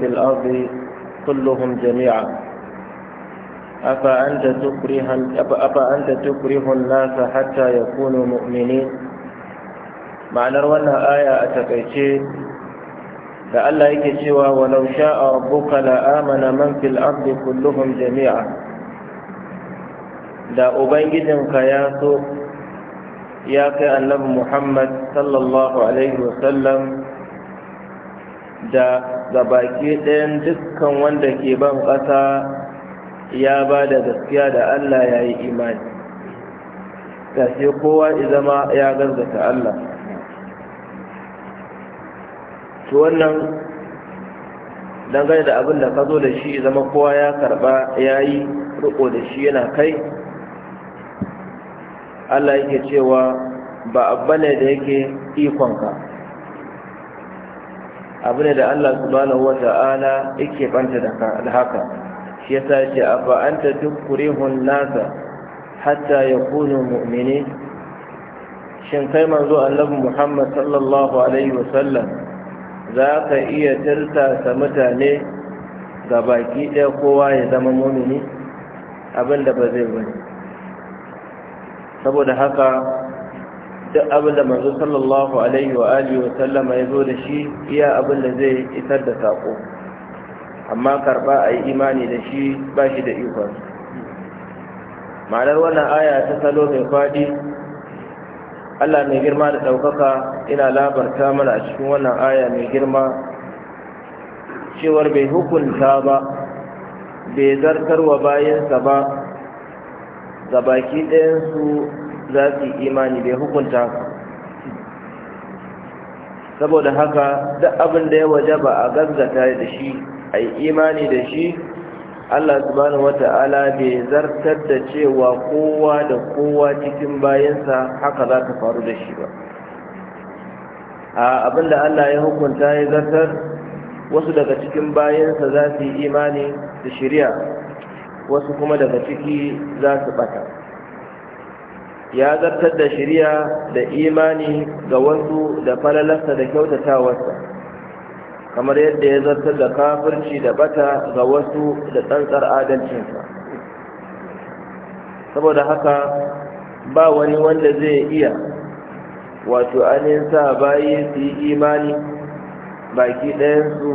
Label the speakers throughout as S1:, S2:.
S1: في الأرض كلهم جميعا أفأنت تكره, أفأنت تكره الناس حتى يكونوا مؤمنين معنى روانا آية أتكيشي فألا يكشوا ولو شاء ربك لآمن من في الأرض كلهم جميعا دا أبيجد كياسو ياك أن محمد صلى الله عليه وسلم da gabaki ɗayan dukkan wanda ke ban ƙasa ya ba da gaskiya da Allah ya yi imani ta sai kowa izama ya gaskata Allah su wannan dangane da abin da ka zo da shi zama kowa ya karba ya yi riko da shi yana kai Allah yake cewa ba abba ne da yake ikonka abu ne da Allah subhanahu wa ta'ala yake banta da haka shi yasa yake afa anta tukrihun nasa hatta yakunu mu'mini shin kai manzo annabi Muhammad sallallahu alaihi za ka iya tirsa mutane ga baki ɗaya kowa ya zama mu'mini abinda ba zai bane saboda haka duk abin da manzo sallallahu alaihi wa alihi wa sallama zo da shi iya abin da zai isar da sako amma karba a yi imani da shi ba shi da ikon ma'anar wannan aya ta salo mai fadi Allah mai girma da ɗaukaka ina labarta mana a cikin wannan aya mai girma cewar bai hukunta ba bai zartarwa bayansa ba ga baki ɗayansu za su yi imani bai hukunta haka saboda haka duk abin da ya waje ba a gazgata da shi a yi imani da shi Allah subhanahu wata'ala bai zartar da cewa kowa da kowa cikin bayansa haka za ta faru da shi ba a da Allah ya hukunta ya zartar wasu daga cikin bayansa za su yi imani da shirya wasu kuma daga ciki za su bata ya zartar da shirya da imani ga wasu da falalarsa da kyautatawarsa kamar yadda ya zartar da kafirci da bata ga wasu da tsantsar adalcinsa saboda haka ba wani wanda zai iya wato anin sa bayi su yi imani baki ɗayansu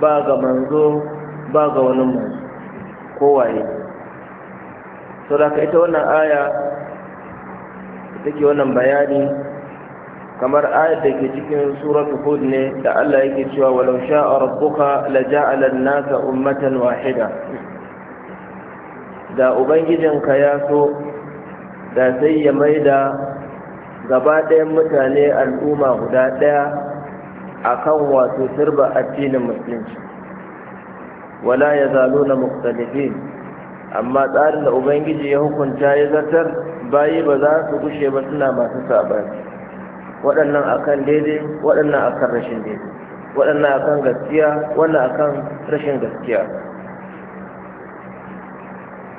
S1: ba ga manzo ba ga wani mu kowaye saboda haka ita wannan aya take wannan bayani kamar ayat da ke cikin suratul hud ne da Allah yake cewa walau sha'a rabbuka la ja'ala an-nasa ummatan wahida da ubangijin ka ya so da sai ya maida gaba ɗayan mutane al'umma guda ɗaya akan wato sirba addinin musulunci wala yazaluna mukhtalifin amma tsarin da ubangiji ya hukunta ya zartar bayi ba za su gushe ba suna masu sabani waɗannan akan daidai waɗannan akan rashin daidai waɗannan akan gaskiya wannan akan rashin gaskiya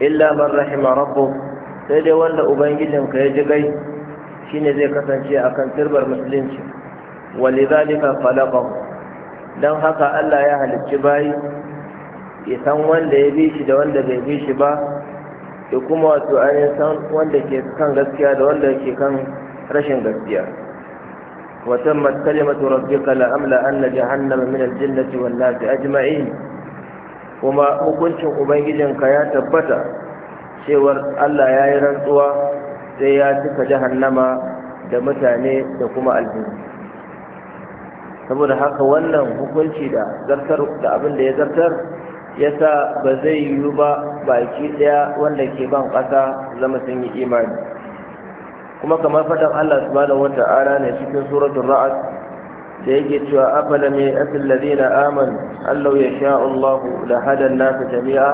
S1: illa man rahima rabbu sai dai wanda ubangijinka ya ji gai shine zai kasance akan turbar musulunci walidhalika khalaqahu dan haka Allah ya halicci bayi ya san wanda ya bi shi da wanda bai bi shi ba da kuma wato ainihin san wanda ke kan gaskiya da wanda ke kan rashin gaskiya Wata tammat kalimatu rabbika la amla anna jahannama min al jinnati wan nasi ajma'in kuma hukuncin ubangijinka ya tabbata cewar Allah ya yi rantsuwa sai ya cika jahannama da mutane da kuma aljihu saboda haka wannan hukunci da zartar da abin da ya zartar Ya sa ba zai yiwu ba baki ɗaya wanda ke ban ƙasa zama sun yi imani kuma kamar faɗan Allah subhanahu wata'ala ne cikin suratul ra'ad da yake cewa afala mai asil aman allau ya sha Allah da hadan nasu jami'a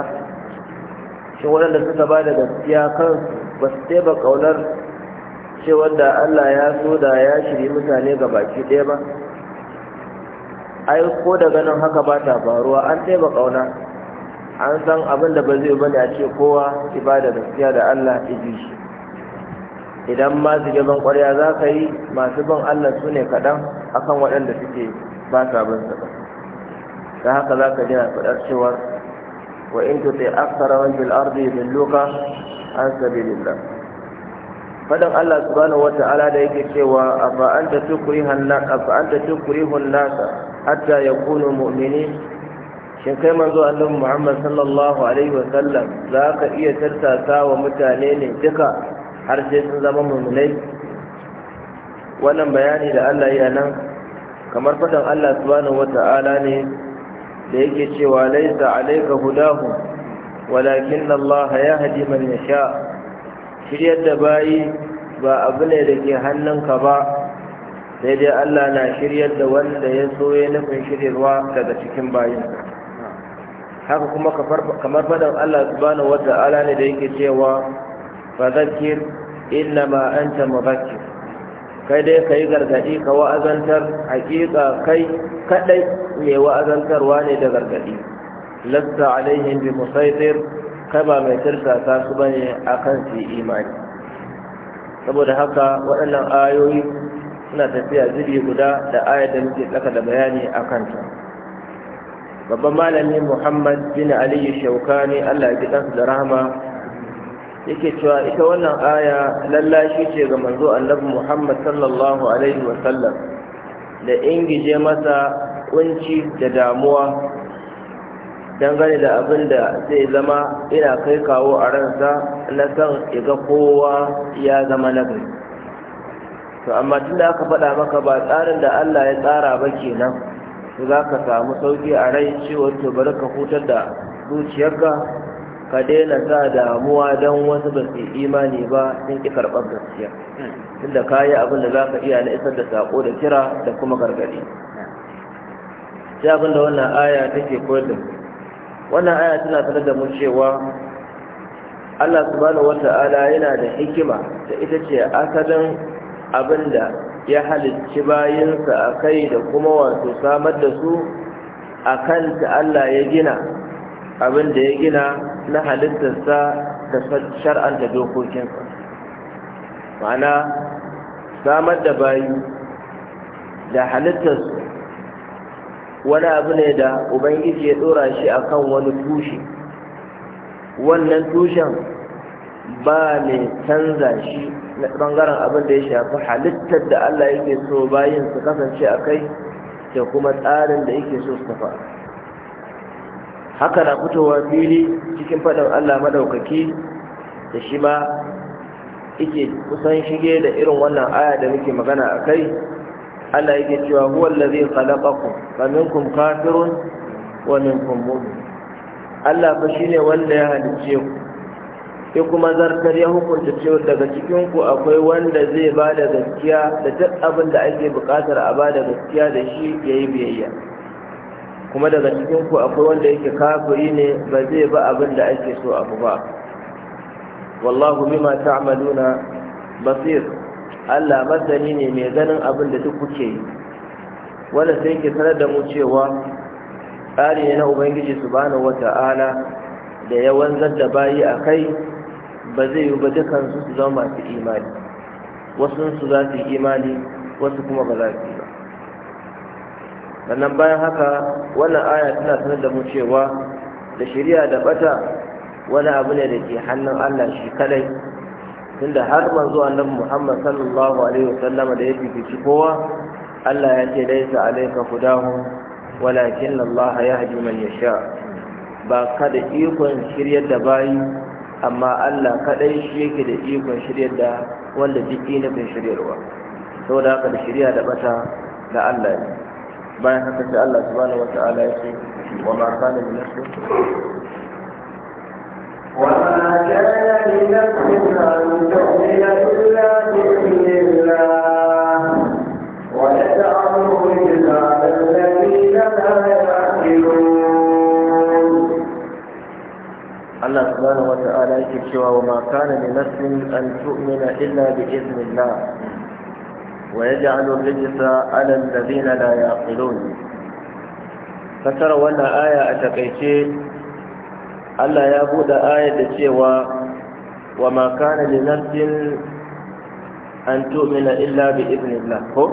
S1: shi waɗanda suka ba da gaskiya kan ba su taɓa ƙaunar cewar da Allah ya so da ya shiri mutane ga baki ɗaya ba ai ko daga nan haka ba ta faruwa an taɓa ƙauna an san abin da ba zai bane a ce kowa ibada gaskiya da Allah iji shi idan ma zige ban ƙwarya za ka yi masu ban Allah su ne kaɗan kan waɗanda suke ba su abin sa ba ta haka za ka jina faɗar cewa wa in tutai aksara wani bil bin loka an lilla. faɗin Allah su wata ala da yake cewa afa anta tukrihan nasa hatta ya yakunu mu'minin shin kai manzo annabi Muhammad sallallahu alaihi wa sallam za ka iya tartata wa mutane ne duka har sai sun zama mummunai wannan bayani da Allah ya nan kamar fadan Allah subhanahu ne da yake cewa laisa alayka hudahu walakin Allah yahdi man yasha shiryar da bayi ba abu ne da ke hannunka ba sai dai Allah na shiryar da wanda ya so ya nufin shiryarwa daga cikin bayinsa haka kuma kamar fadan Allah subhanahu ta'ala ne da yake cewa fadhakkir inna ma anta mudhakkir kai dai kai gargadi ka wa'azantar hakika kai kadai ne wa'azantarwa ne da gargadi lasta alaihim bi musaitir kai ba mai ta su bane akan su imani saboda haka waɗannan ayoyi suna tafiya zubi guda da ayar da muke tsaka da bayani a kanta babban malami muhammad bin aliyu shaukani allah ya ɗansu da rahama yake cewa ita wannan aya lallashi ce ga manzo annabi muhammad sallallahu alaihi wasallam da ingije masa kunci da damuwa dangane da abin da zai zama ina kai kawo a ransa na san iga kowa ya zama nagari to amma tun da aka faɗa maka ba tsarin da allah ya tsara ba kenan za ka samu sauki a rai cewa to bari ka hutar da zuciyarka ka daina sa damuwa don wasu ba su imani ba sun ki karɓar gaskiya tunda ka yi abin da za ka iya na isar da saƙo da kira da kuma gargaɗi sai abin da wannan aya take koyar da wannan aya tana sanar da mu cewa Allah subhanahu wata'ala yana da hikima da ita ce asalin abin da ya halicci bayinsa a kai da kuma wato samar da su a kan ta Allah ya gina abin da ya gina na halittarsa da shar'anta dokokinsa ma'ana samar da bayi da halittarsu wani abu ne da ubangiji ya dora shi akan wani tushe wannan tushen ba mai canza shi na bangaren abin da ya shafi halittar da Allah yake so bayin su kasance a kai da kuma tsarin da yake so su tafa haka na fitowa fili cikin faɗin Allah maɗaukaki da shi ma yake kusan shige da irin wannan aya da muke magana a kai Allah yake cewa kalaɓa ku, khalaqakum kun kafirun wa minkum mu'min Allah fa shine wanda ya halicce ku ya kuma zartar ya hukunta cewa daga cikin ku akwai wanda zai ba da gaskiya da duk abin da ake buƙatar a ba da gaskiya da shi ya yi biyayya kuma daga cikin ku akwai wanda yake kafiri ne ba zai ba abin da ake so abu ba wallahu bima ta'maluna basir Allah masani ne mai ganin abin da duk kuke yi wanda sai ke sanar da mu cewa tsari ne na Ubangiji subhanahu wata'ala da ya wanzar da bayi a kai ba zai yi ba dukansu su zama masu imani wasu su za su yi imani wasu kuma ba za su yi ba sannan bayan haka wannan aya tana sanar da mu cewa da shari'a da bata wani abu ne da ke hannun Allah shi kadai tunda har manzo annabi Muhammad sallallahu alaihi wasallam da ya fifici kowa Allah ya ce laisa alayka hudahum walakin Allah yahdi man yasha ba kada ikon shiryar da bayi amma Allah kaɗai shi yake da ikon shiryar da wanda jiki na bin shiryarwa sau da haka da shirya da bata da Allah ne bayan haka sai Allah subhanahu wataala ya ce wa maka da ma kana min nafsin وما كان لنفس أن تؤمن إلا بإذن الله Allah subhanahu wa ta'ala yake cewa wa ma kana li nafsin an tu'mina illa bi idhnillah wa yaj'alu rijsa 'ala alladhina la yaqilun fasara wannan aya a takaice Allah ya bude ayar da cewa wa ma kana li nafsin an tu'mina illa bi idhnillah ko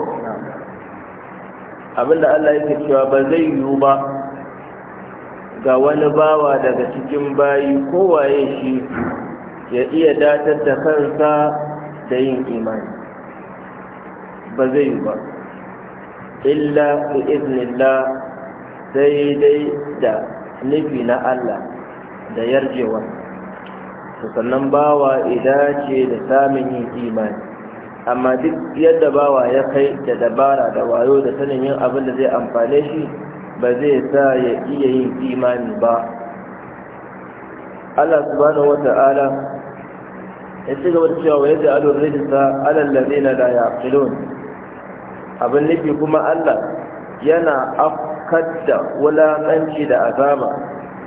S1: abinda Allah yake cewa ba zai yiwu ba ga wani bawa daga cikin bayi kowaye shi ya iya datar da kansa da yin imani ba zai ba illa bi iznillah sai dai da nufi na Allah da yarjewa sannan bawa ida ce da samun yin imani amma duk yadda bawa ya kai da dabara da wayo da sanin yin abin da zai amfane shi ba zai sa ya iya yin imani ba Allah subhanahu wata'ala ya ci gaba da cewa wa yadda alun rijisa alallazi na da ya filon abin nufi kuma Allah yana afkadda wulaƙanci da azama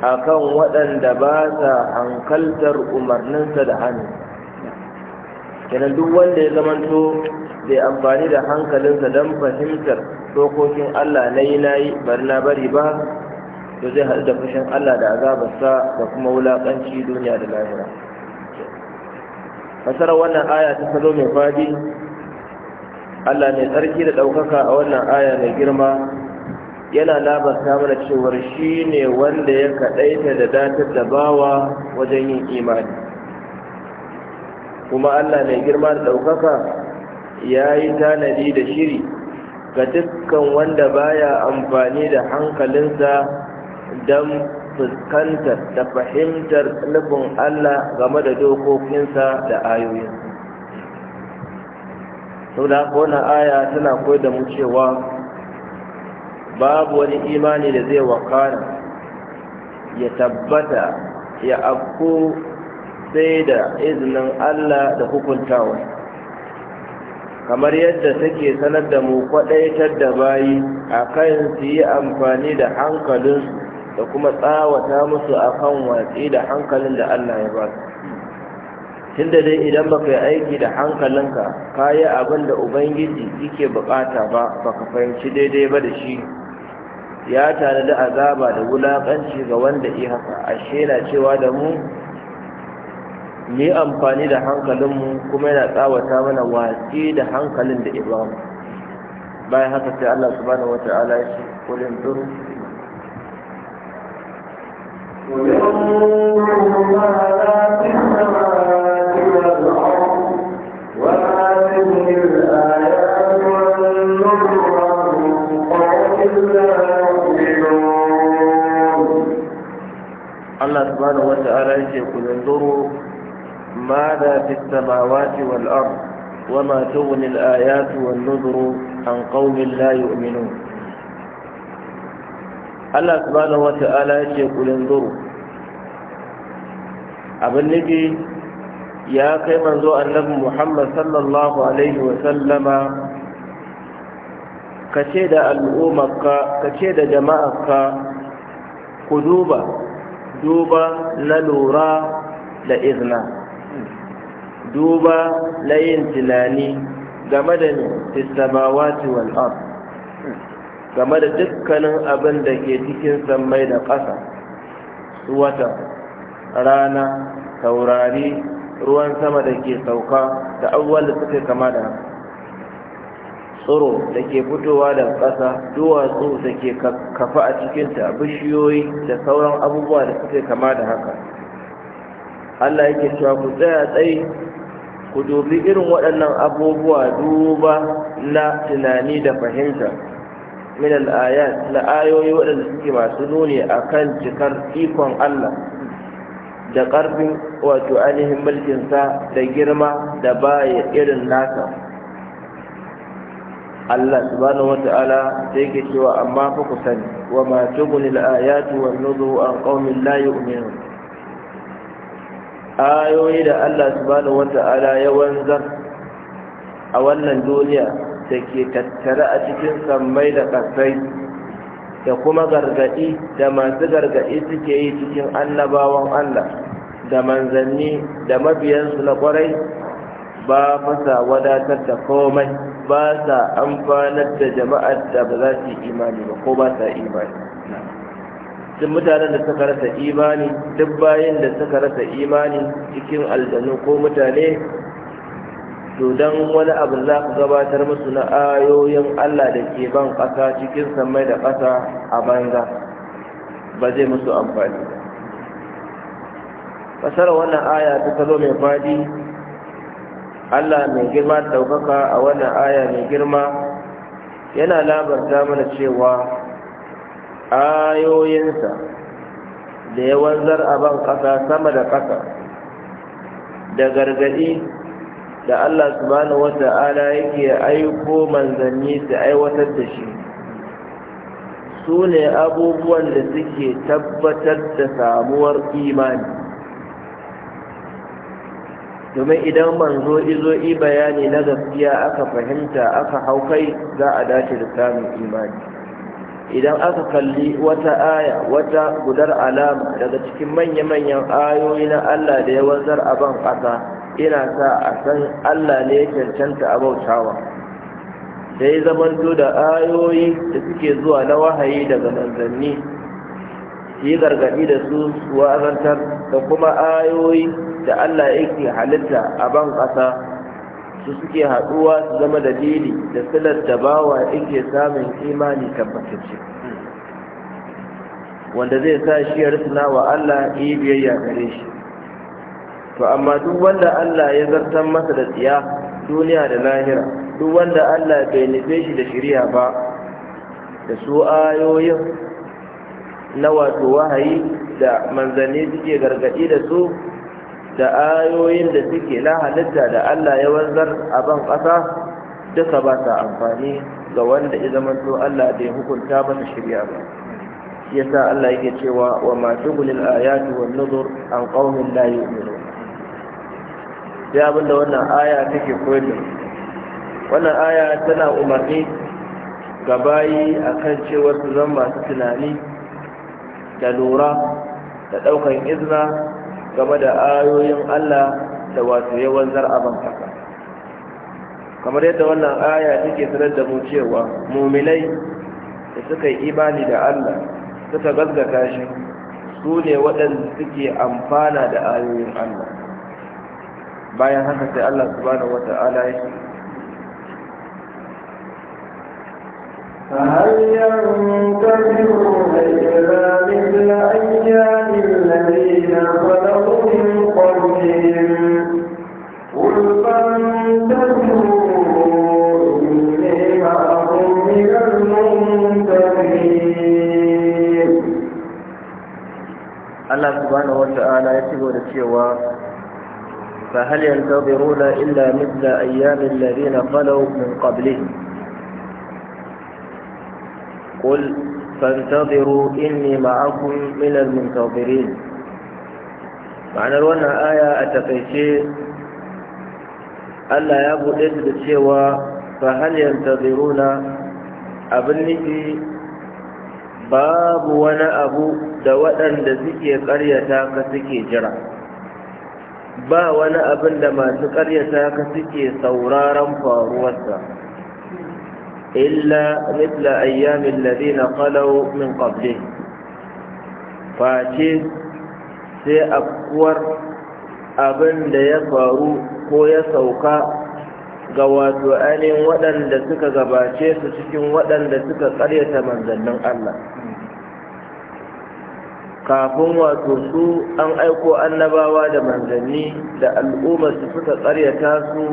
S1: akan waɗanda ba sa hankaltar umarninsa da hannu kenan duk wanda ya zamanto bai amfani da hankalinsa don fahimtar dokokin Allah na yi na yi bari na bari ba to zai haɗu da fushin Allah da azabarsa da kuma wulaƙanci duniya da lahira fasarar wannan aya ta salo mai fadi Allah mai tsarki da ɗaukaka a wannan aya mai girma yana labarta mana cewar shi ne wanda ya kaɗaita da datar da bawa wajen yin imani kuma allah mai girma da ɗaukaka ya yi tanadi da shiri ga dukkan wanda baya amfani da hankalinsa don fuskantar da fahimtar nufin Allah game da dokokinsa da ayoyinsa. sau da haka aya tana koyar da mu cewa babu wani imani da zai wakana ya tabbata ya afko sai da izinin Allah da hukuntawa kamar yadda take sanar da mu kwadaitar da bayi a kan su yi amfani da hankalinsu da kuma tsawata musu a kan watsi da hankalin da Allah ya ba su tunda dai idan baka yi aiki da hankalinka ka yi abin da ubangiji yake bukata ba baka fahimci daidai ba da shi ya tare da azaba da wulakanci ga wanda yi haka ashe na cewa da mu mu yi amfani da hankalinmu kuma yana tsawata mana watsi da hankalin da ibrahim bayan haka sai allah subhanahu wa ta'ala ya ce kulin duru Allah subhanahu wa ta'ala ya ce kulin duru ماذا في السماوات والأرض وما تغني الآيات والنذر عن قوم لا يؤمنون Allah subhanahu wata'ala ya ce kulin zuru abin nufi ya kai manzo annabi Muhammad sallallahu alaihi wa sallama kace da al'ummarka kace da jama'arka ku duba duba na lura da izna duba layin tunani game da tisabawati wal ard game da dukkanin abin da ke cikin sammai da ƙasa wata rana taurari ruwan sama da ke sauka da abubuwan da suka kama da tsoro da ke fitowa da ƙasa duwatsu da ke kafa a cikinta bishiyoyi da sauran abubuwa da suka kama da haka Allah yake cewa ku tsaya tsaye ku dubi irin waɗannan abubuwa duba na tunani da fahimta min al'ayat na ayoyi waɗanda suke masu nuni a kan cikar ikon Allah da ƙarfin wato ainihin mulkinsa da girma da baya irin nasa Allah subhanahu wata'ala sai ke cewa amma fa ku sani wa ma tuguni al'ayatu wan nuzuru an qaumin la yu'minun ayoyi da Allah subhanahu wata'ala ya wanzar a wannan duniya da ke tattare a cikin sammai da ƙasai da kuma gargaɗi da masu gargaɗi suke yi cikin annabawan Allah da manzanni da mabiyansu na ƙwarai ba fasa wadatar da komai ba sa amfanar da jama'ar da ba za su yi imani ba ko ba sa imani duk mutanen da suka rasa imani duk bayan da suka rasa imani cikin aljanu ko mutane to don wani abu za ku gabatar musu na ayoyin Allah da ke ban ƙasa cikin samai da ƙasa a banza ba zai musu amfani ƙasar wannan aya ta tazo mai fadi Allah mai girma ɗaukaka a wannan aya mai girma yana labarta mana cewa ayoyinsa da ya wanzar a ban ƙasa sama da ƙasa da gargaɗi da Allah subhanahu ta'ala yake aiko manzanni su aiwatar da shi su ne abubuwan da suke tabbatar da samuwar imani domin idan manzo izo yi bayani na gaskiya aka fahimta aka haukai za a dace da samun imani idan aka kalli wata aya wata gudar alama daga cikin manya-manyan ayoyi na Allah da ya wanzar a ban ƙasa ina sa a san Allah ne ya cancanta a bautawa sai zamanto da ayoyi da suke zuwa na wahayi daga manzanni yi gargaɗi da su wa'azantar da kuma ayoyi da Allah yake halitta a ban ƙasa su suke haɗuwa su zama dalili da silar da bawa yake samun imani tabbatacce wanda zai sa shi ya rusuna wa Allah yi biyayya gare shi to amma duk wanda Allah ya zartan masa da tsiya duniya da lahira duk wanda Allah bai nufe shi da shirya ba da su ayoyin na wato wahayi da manzanni suke gargadi da su da ayoyin da suke na halitta da Allah ya wanzar a ban ƙasa duka ba ta amfani ga wanda ya zama zamanto Allah da ya hukunta ta shirya ba Ya sa Allah yake cewa wa ma tughlil ayatu wa nuzur an qaumin la yu'minun sai da wannan aya take koyar da wannan aya tana umarni ga bayi akan cewa su zama masu tunani da lura da ɗaukan izina. game da ayoyin Allah da wato yawan zar'a kasa kamar yadda wannan aya take sanar da mu cewa muminai da suka yi imani da Allah suka gaskata shi su ne waɗanda suke amfana da ayoyin Allah bayan haka sai Allah su subhanahu wata'ala ya
S2: فهل ينتهون إلا مثل أيام الذين خلقوا من قبلهم قل فانتهوا
S1: ينتظرون إلا مثل أيام الذين خلوا من قبلهم قل فانتظروا إني معكم من المنتظرين معنى الوانا آية أتقيشي ألا يابو إذن سوى فهل ينتظرون أبنتي باب وانا أبو دواء لذكي قرية كسكي جرى ba wani abin da masu ƙaryata ka suke sauraron faruwarsa Illa مثل أيام الذين قلوا من قبله face sai afkuwar abin da ya faru ko ya sauka ga wato ainihin waɗanda suka gabace su cikin waɗanda suka ƙaryata manzannin Allah kafin wato su an aiko annabawa da manzanni da al'umma su suka ƙaryata su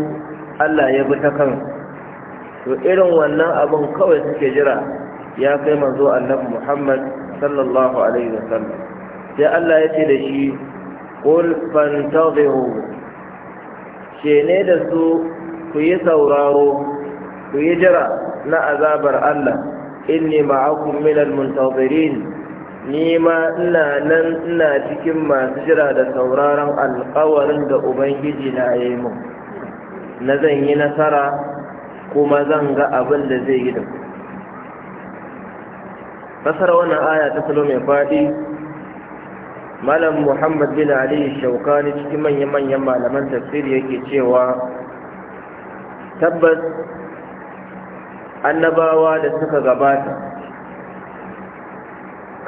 S1: Allah ya bi ta kansu to irin wannan abin kawai suke jira ya kai manzo annabi Muhammad sallallahu alaihi wasallam sai Allah ya ce da shi qul fantadhiru ne da su ku yi sauraro ku yi jira na azabar Allah inni ma'akum minal muntazirin ni ma ina nan ina cikin masu jira da sauraron alƙawarin da ubangiji na yi mu na zan yi nasara kuma zan ga abin da zai yi da ku fasara wannan aya ta salo mai faɗi malam muhammad bin ali shaukani cikin manya-manyan malaman tafsiri yake cewa tabbas annabawa da suka gabata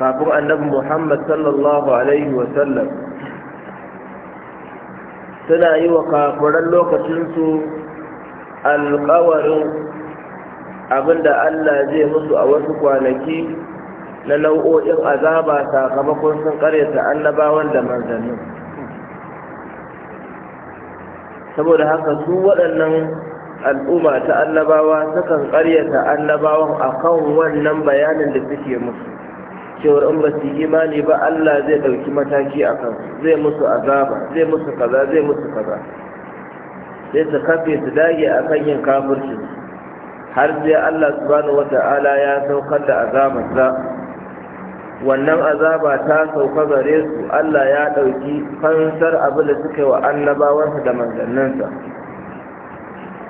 S1: kafin annabi muhammad sallallahu alaihi wasallam suna yi wa kafuran lokacinsu alkawarin abinda Allah zai musu a wasu kwanaki na nau'o'in azaba sakamakon sun karyata annabawan da manzannin saboda haka su waɗannan al'umma ta annabawa sukan karyata annabawan a kan wannan bayanin da suke musu cewar in ba su imani ba Allah zai ɗauki mataki a kan zai musu azaba zai musu kaza zai musu kaza sai su kafe su dage a kan yin kafirci har sai Allah subhanahu wata'ala ya saukar da azabarsa wannan azaba ta sauka gare su Allah ya ɗauki fansar abin da suka yi wa annabawansa da manzanninsa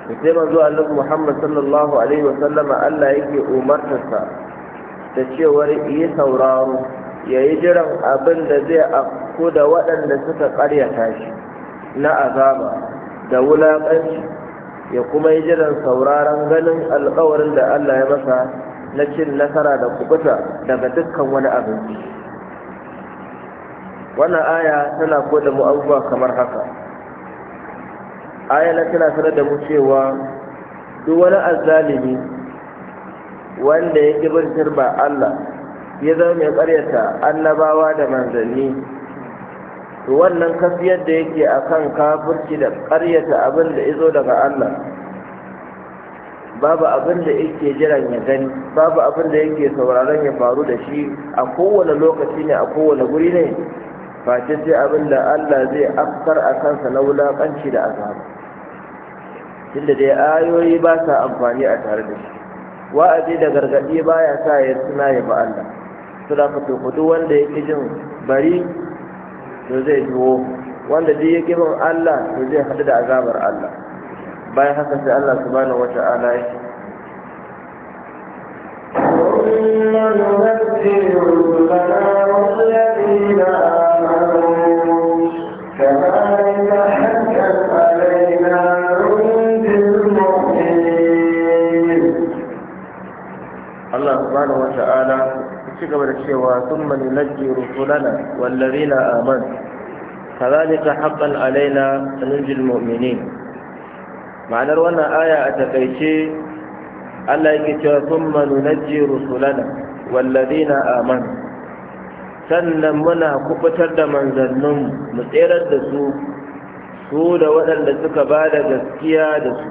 S1: da sai manzo Allah Muhammad sallallahu alaihi wa sallama Allah yake umartarsa da cewar yi sauraro yayi jiran abin da zai afko da waɗanda suka ƙaryata shi na azaba da wulaƙanci ya kuma yi jiran sauraron ganin alƙawarin da Allah ya masa na cin nasara da kubuta daga dukkan wani abinci wannan aya tana koda mu abubuwa kamar haka aya na tana sanar da mu cewa duk wani azalimi wanda ya ƙi ba Allah ya zama mai ƙaryata annabawa da manzanni to wannan kafiyar da yake akan kafirci da ƙaryata abin da izo daga Allah babu abin da yake jiran ya gani babu abin da yake sauraron ya faru da shi a kowane lokaci ne a kowane guri ne face sai abin da Allah zai afkar a kansa na wulaƙanci da azaba tunda dai ayoyi ba sa amfani a tare da shi wa'azi da gargaɗi baya sa ya suna ya ba Allah suna fito wanda yake jin bari to zai biyo wanda duk ya kiban Allah to zai hadu da azabar Allah bayan haka sai Allah subhanahu wata'ala ya ce Allah subhanahu wa ta'ala ci gaba da cewa sun mani najji rusulana wallazi na aman kazalika haqqan alaina sanunjil mu'minin ma'anar wannan aya a takaice Allah yake cewa sun mani najji rusulana wallazi na aman sannan muna kubutar da manzannin mu tserar da su su da waɗanda suka ba da gaskiya da su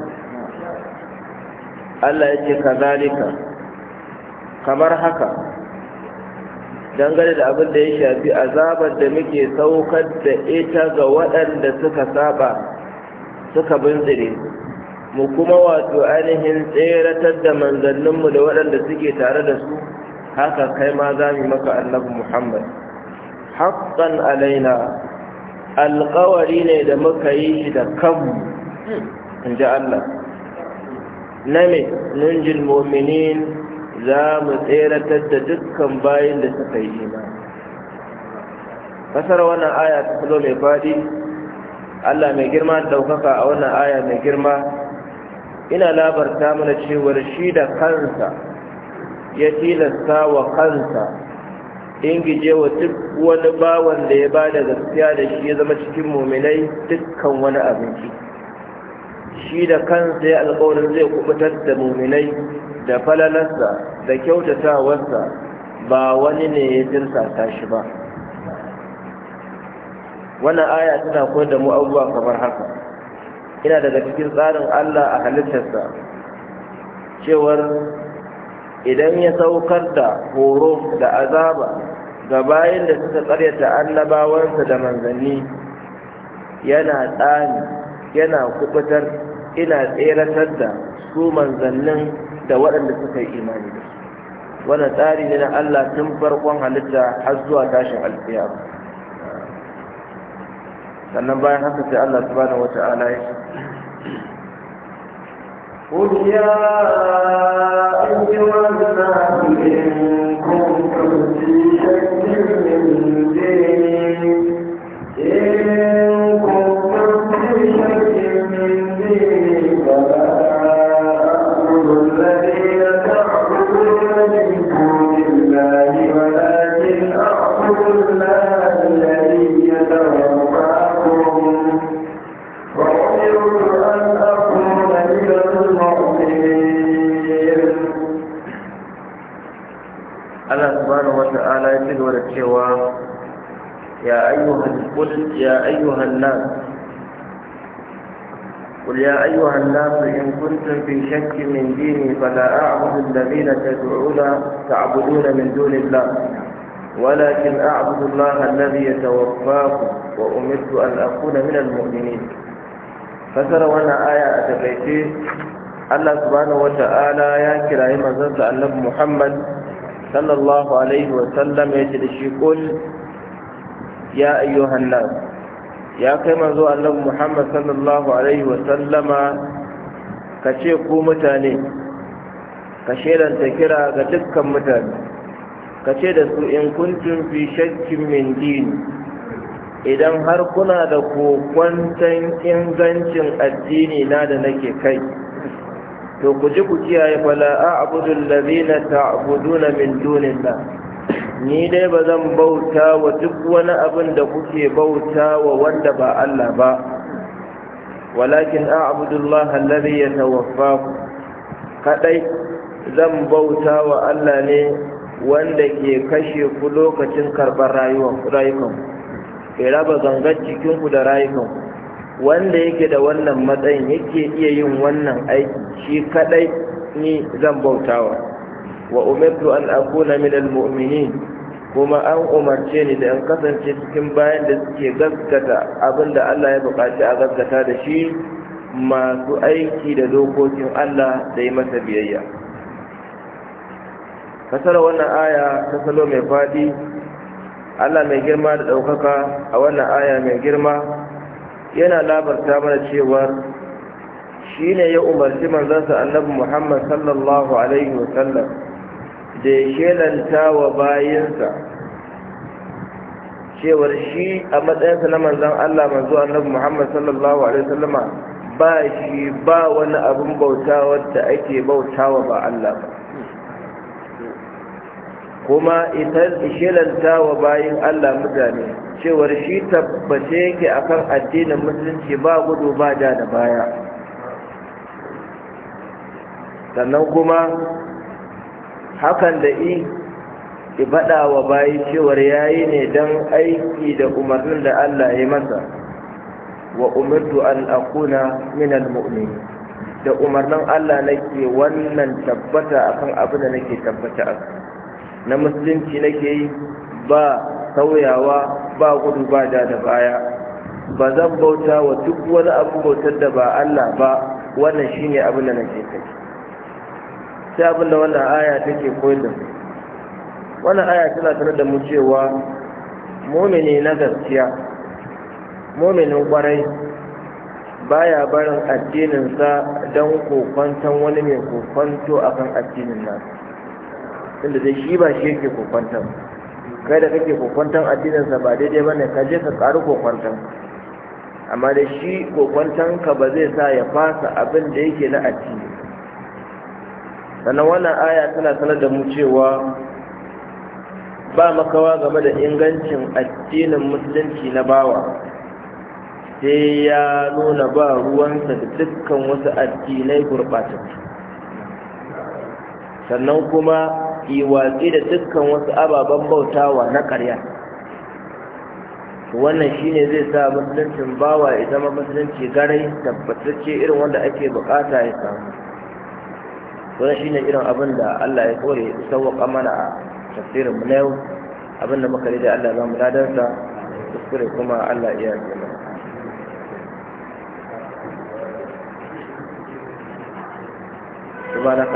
S1: Allah ya ce kazalika kamar haka dangane da abin da ya shafi azabar da muke saukar da ita ga waɗanda suka saba suka binzire mu kuma wato ainihin tseratar da manzanninmu da waɗanda suke tare da su haka kai ma za mu maka annabi muhammad haƙƙan alaina alƙawari ne da muka yi da kanmu in ji allah na me nunjin mominin za mu tseratar da dukkan bayan da suka yi imani kasar wannan aya ta kulo mai faɗi allah mai girma ɗaukaka a wannan aya mai girma ina labarta mana cewar shi da kansa ya tilasta wa kansa ingije wa duk wani bawan da ya bada da gaskiya da shi ya zama cikin muminai dukkan wani abinci shi da kansa ya alƙawarin zai kubutar da muminai da falalarsa da kyautatawarsa ba wani ne ya ta shi ba wannan aya tana koyar da mu abubuwa kamar haka ina daga cikin tsarin Allah a halittarsa cewar idan ya saukar da horo da azaba ga bayan da suka karyata annabawansa da manzanni yana tsani yana kubutar ina tseratar da su manzannin da waɗanda suka yi imani da su wannan tsari ne na Allah tun farkon halitta har zuwa tashin alkiyama sannan bayan haka sai Allah subhanahu wata'ala ya
S2: قل يا
S1: أيها الناس من ورتشوا يا أيها قل يا أيها الناس قل يا أيها الناس إن كنتم في شك من ديني فلا أعبد الذين تدعون تعبدون من دون الله ولكن أعبد الله الذي يتوفاكم وأمرت أن أكون من المؤمنين فسر وانا آية أتبعتي الله سبحانه وتعالى يا كرائم زد محمد محمد sallallahu alaihi wasallam ya ce da shi kul ya ayyuhan nas ya kai manzo annabi Muhammad sallallahu alaihi wasallama ka ce ku mutane ka shelanta kira ga dukkan mutane ka ce da su in kuntum fi shakkin min dini idan har kuna da kokwanton ingancin addini na da nake kai to ku ji ku kiyaye fala a'budu na na min ni dai ba zan bauta wa duk wani abin da kuke bauta wa wanda ba Allah ba walakin a'budu allaha tawafa ku. kadai zan bauta wa Allah ne wanda ke kashe ku lokacin karɓar rayukanku ke raba gangar cikinku da rayukanku wanda yake da wannan matsayin yake iya yin wannan aiki shi kadai ni zan bautawa wa umirtu an akuna min almu'minin kuma an umarce ni da in kasance cikin bayan da suke gaskata abinda Allah ya buƙaci a gaskata da shi masu aiki da dokokin Allah da yi masa biyayya kasar wannan aya ta salo mai fadi Allah mai girma da ɗaukaka a wannan aya mai girma yana labarta mana cewar shi ne ya umarci manzansa annabi muhammad sallallahu alaihi wasallam da ya shelanta wa bayansa cewar shi a matsayinsa na manzan allah manzo annabi muhammad sallallahu alaihi wasallama ba shi ba wani abin bauta wadda ake bauta wa ba allah ba kuma ishilanta wa bayin Allah mutane cewar shi tabbace yake akan addinin musulunci ba gudu ba da da baya sannan kuma hakan da i ibada wa bayi cewar yayi ne don aiki da umarnin da Allah ya masa wa umirtu an akuna min almu'minin da umarnin Allah nake wannan tabbata akan abin da nake tabbata akan na musulunci nake yi ba sauyawa ba gudu ba da da baya ba zan bauta wa duk wani abu bautar da ba Allah ba wannan shine abin da nake kai sai abin da wannan aya take koyar da mu wannan aya tana tare da mu cewa mumini na gaskiya muminin kwarai baya barin addinin sa don kokwanton wani mai kokwanto akan addinin nasa tunda dai shi ba shi yake kokwantan kai da kake kokwantan addininsa ba daidai ba ne ka je ka ƙaru kokwantan amma da shi kokwantan ka ba zai sa ya fasa abin da yake na addini sannan wannan aya tana sanar da mu cewa ba makawa game da ingancin addinin musulunci na bawa sai ya nuna ba ruwansa da dukkan wasu addinai gurɓatattu sannan kuma yi watsi da dukkan wasu ababen bautawa na ƙarya wannan shine zai sa musuluncin bawa ya zama musulunci garai tabbatacce irin wanda ake bukata ya samu wannan shine irin abin da Allah ya kore ya sauwaka mana a tafsirin mu na yau abin da muka da Allah za mu ladansa kuskure kuma Allah iya zama